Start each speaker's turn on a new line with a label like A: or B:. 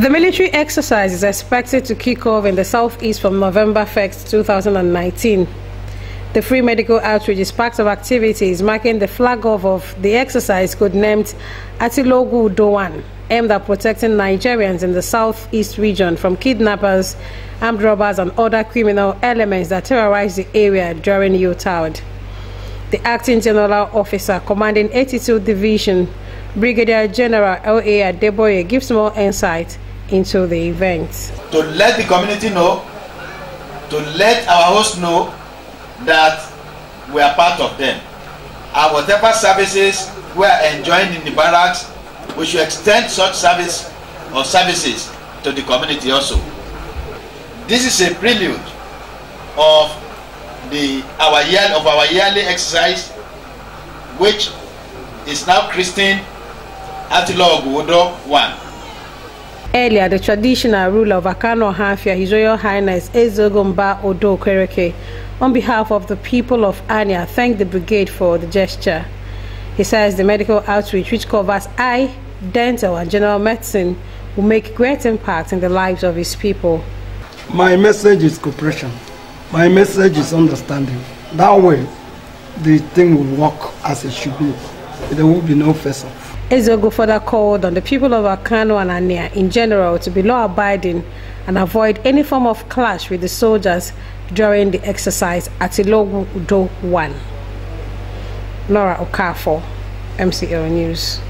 A: The military exercise is expected to kick off in the southeast from November 1st, 2019. The free medical outreach is part of activities marking the flag off of the exercise code named Atilogu Doan, aimed at protecting Nigerians in the southeast region from kidnappers, armed robbers, and other criminal elements that terrorize the area during Yotard. The acting general officer commanding 82 Division, Brigadier General L.A. Adeboye, gives more insight into the event.
B: To let the community know, to let our hosts know that we are part of them. Our whatever services we are enjoying in the barracks, we should extend such service or services to the community also. This is a prelude of the our year of our yearly exercise, which is now christened Atilo Oguwodo 1.
A: Earlier, the traditional ruler of Akano Hafia, His Royal Highness Ezogomba Odo Kwereke, on behalf of the people of Anya, thanked the brigade for the gesture. He says the medical outreach, which covers eye, dental, and general medicine, will make great impact in the lives of his people.
C: My message is cooperation. My message is understanding. That way, the thing will work as it should be there will be no face off.
A: Ezogo further called on the people of Akano and Ania in general to be law abiding and avoid any form of clash with the soldiers during the exercise at Ilogu Udo 1. Laura Okafor, MCL News.